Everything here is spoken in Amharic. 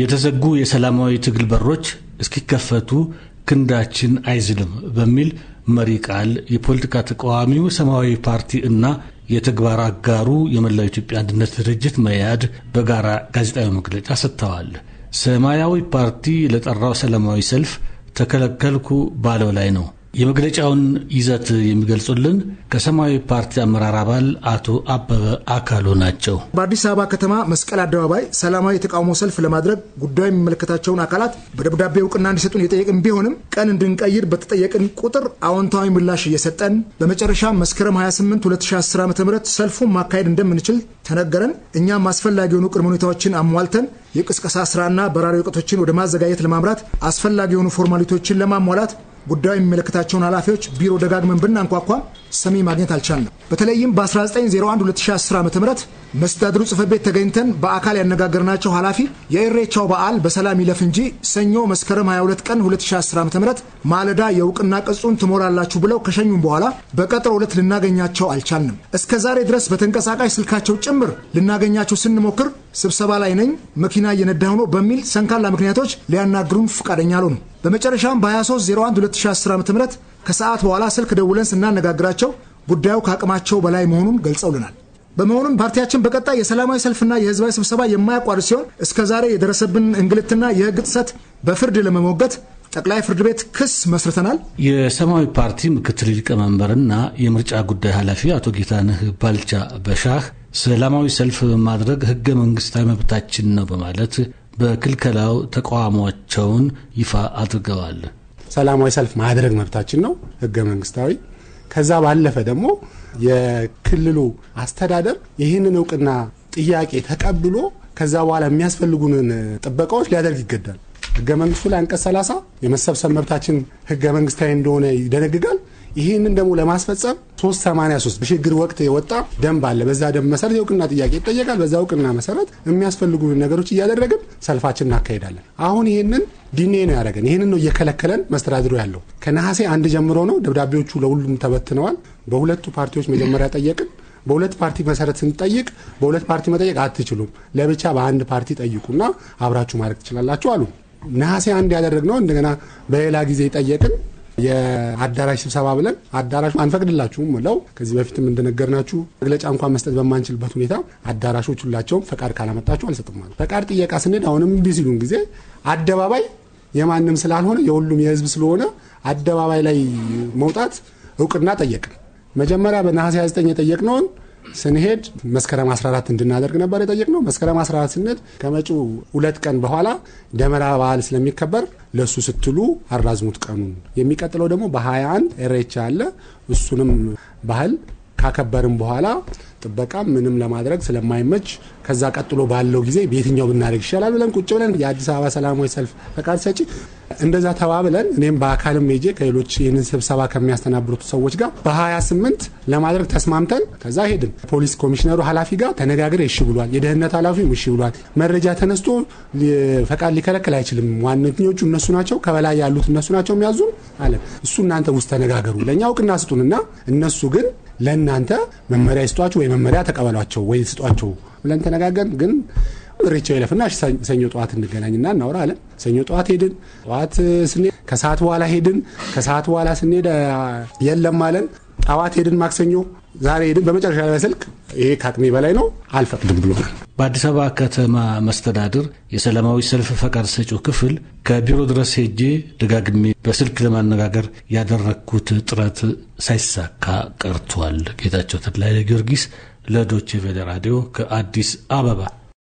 የተዘጉ የሰላማዊ ትግል በሮች እስኪከፈቱ ክንዳችን አይዝልም በሚል መሪ ቃል የፖለቲካ ተቃዋሚው ሰማያዊ ፓርቲ እና የተግባር አጋሩ የመላው ኢትዮጵያ አንድነት ድርጅት መያድ በጋራ ጋዜጣዊ መግለጫ ሰጥተዋል። ሰማያዊ ፓርቲ ለጠራው ሰላማዊ ሰልፍ ተከለከልኩ ባለው ላይ ነው የመግለጫውን ይዘት የሚገልጹልን ከሰማያዊ ፓርቲ አመራር አባል አቶ አበበ አካሉ ናቸው። በአዲስ አበባ ከተማ መስቀል አደባባይ ሰላማዊ የተቃውሞ ሰልፍ ለማድረግ ጉዳዩ የሚመለከታቸውን አካላት በደብዳቤ እውቅና እንዲሰጡን የጠየቅን ቢሆንም ቀን እንድንቀይር በተጠየቅን ቁጥር አዎንታዊ ምላሽ እየሰጠን በመጨረሻ መስከረም 28 2010 ዓ ም ሰልፉን ማካሄድ እንደምንችል ተነገረን። እኛም አስፈላጊ የሆኑ ቅድመ ሁኔታዎችን አሟልተን የቅስቀሳ ስራና በራሪ ወቀቶችን ወደ ማዘጋጀት ለማምራት አስፈላጊ የሆኑ ፎርማሊቲዎችን ለማሟላት ጉዳዩ የሚመለከታቸውን ኃላፊዎች ቢሮ ደጋግመን ብናንኳኳም ሰሚ ማግኘት አልቻልንም። በተለይም በ1901 2010 ዓ ም መስተዳድሩ ጽፈት ቤት ተገኝተን በአካል ያነጋገርናቸው ኃላፊ የኢሬቻው በዓል በሰላም ይለፍ እንጂ ሰኞ መስከረም 22 ቀን 2010 ዓ ም ማለዳ የእውቅና ቅጹን ትሞላላችሁ ብለው ከሸኙም በኋላ በቀጠሮ ዕለት ልናገኛቸው አልቻልንም። እስከ ዛሬ ድረስ በተንቀሳቃሽ ስልካቸው ጭምር ልናገኛቸው ስንሞክር ስብሰባ ላይ ነኝ፣ መኪና እየነዳሁ ነው በሚል ሰንካላ ምክንያቶች ሊያናግሩን ፈቃደኛ አልሆኑም። በመጨረሻም በ2301 2010 ዓ ም ከሰዓት በኋላ ስልክ ደውለን ስናነጋግራቸው ጉዳዩ ከአቅማቸው በላይ መሆኑን ገልጸውልናል። በመሆኑም ፓርቲያችን በቀጣይ የሰላማዊ ሰልፍና የህዝባዊ ስብሰባ የማያቋርጥ ሲሆን እስከ ዛሬ የደረሰብን እንግልትና የህግ ጥሰት በፍርድ ለመሞገት ጠቅላይ ፍርድ ቤት ክስ መስርተናል። የሰማያዊ ፓርቲ ምክትል ሊቀመንበርና የምርጫ ጉዳይ ኃላፊ አቶ ጌታነህ ባልቻ በሻህ ሰላማዊ ሰልፍ ማድረግ ህገ መንግስታዊ መብታችን ነው በማለት በክልከላው ተቃውሟቸውን ይፋ አድርገዋል። ሰላማዊ ሰልፍ ማድረግ መብታችን ነው ህገ መንግስታዊ። ከዛ ባለፈ ደግሞ የክልሉ አስተዳደር ይህንን እውቅና ጥያቄ ተቀብሎ ከዛ በኋላ የሚያስፈልጉንን ጥበቃዎች ሊያደርግ ይገዳል። ህገ መንግስቱ ላይ አንቀጽ 30 የመሰብሰብ መብታችን ህገ መንግስታዊ እንደሆነ ይደነግጋል። ይህንን ደግሞ ለማስፈጸም 383 በሽግግር ወቅት የወጣ ደንብ አለ። በዛ ደንብ መሰረት የእውቅና ጥያቄ ይጠየቃል። በዛ እውቅና መሰረት የሚያስፈልጉ ነገሮች እያደረግን ሰልፋችን እናካሄዳለን። አሁን ይህንን ዲኔ ነው ያደረገን። ይህንን ነው እየከለከለን መስተዳድሩ ያለው። ከነሐሴ አንድ ጀምሮ ነው ደብዳቤዎቹ ለሁሉም ተበትነዋል። በሁለቱ ፓርቲዎች መጀመሪያ ጠየቅን። በሁለት ፓርቲ መሰረት ስንጠይቅ በሁለት ፓርቲ መጠየቅ አትችሉም፣ ለብቻ በአንድ ፓርቲ ጠይቁና አብራችሁ ማድረግ ትችላላችሁ አሉ። ነሐሴ አንድ ያደረግነው እንደገና በሌላ ጊዜ ጠየቅን። የአዳራሽ ስብሰባ ብለን አዳራሹ አንፈቅድላችሁም ብለው ከዚህ በፊትም እንደነገርናችሁ መግለጫ እንኳን መስጠት በማንችልበት ሁኔታ አዳራሾች ሁላቸውም ፈቃድ ካላመጣችሁ አንሰጥም አሉ። ፈቃድ ጥየቃ ስንሄድ አሁንም እምቢ ሲሉን ጊዜ አደባባይ የማንም ስላልሆነ የሁሉም የህዝብ ስለሆነ አደባባይ ላይ መውጣት እውቅና ጠየቅን። መጀመሪያ በነሐሴ 29 የጠየቅነውን ስንሄድ መስከረም 14 እንድናደርግ ነበር የጠየቅነው። መስከረም 14 ስንሄድ ከመጪው ሁለት ቀን በኋላ ደመራ በዓል ስለሚከበር ለእሱ ስትሉ አራዝሙት ቀኑን። የሚቀጥለው ደግሞ በ21 ኤሬቻ አለ። እሱንም ባህል ካከበርም በኋላ ጥበቃ ምንም ለማድረግ ስለማይመች ከዛ ቀጥሎ ባለው ጊዜ በየትኛው ብናደርግ ይሻላል ብለን ቁጭ ብለን የአዲስ አበባ ሰላማዊ ሰልፍ ፈቃድ ሰጪ እንደዛ ተባብለን እኔም በአካልም ሄጄ ከሌሎች ይህንን ስብሰባ ከሚያስተናብሩት ሰዎች ጋር በ28 ለማድረግ ተስማምተን ከዛ ሄድን። ፖሊስ ኮሚሽነሩ ኃላፊ ጋር ተነጋግረ እሺ ብሏል። የደህንነት ኃላፊም እሺ ብሏል። መረጃ ተነስቶ ፈቃድ ሊከለክል አይችልም። ዋነኞቹ እነሱ ናቸው፣ ከበላይ ያሉት እነሱ ናቸው የሚያዙን አለ። እሱ እናንተ ውስጥ ተነጋገሩ፣ ለእኛ እውቅና ስጡንና እነሱ ግን ለእናንተ መመሪያ ይስጧቸው ወይ መመሪያ ተቀበሏቸው ወይ ስጧቸው ብለን ተነጋገን ግን ሬቸው ይለፍና ሰኞ ጠዋት እንገናኝና እናውራ አለ። ሰኞ ጠዋት ሄድን። ጠዋት ስንሄድ ከሰዓት በኋላ ሄድን። ከሰዓት በኋላ ስንሄድ የለም አለን። ጠዋት ሄድን። ማክሰኞ ዛሬ ሄድን። በመጨረሻ ላይ ስልክ ይሄ ከአቅሜ በላይ ነው አልፈቅድም ብሎናል። በአዲስ አበባ ከተማ መስተዳድር የሰላማዊ ሰልፍ ፈቃድ ሰጪው ክፍል ከቢሮ ድረስ ሄጄ ደጋግሜ በስልክ ለማነጋገር ያደረግኩት ጥረት ሳይሳካ ቀርቷል። ጌታቸው ተድላይ ጊዮርጊስ ለዶቼ ቬለ ራዲዮ ከአዲስ አበባ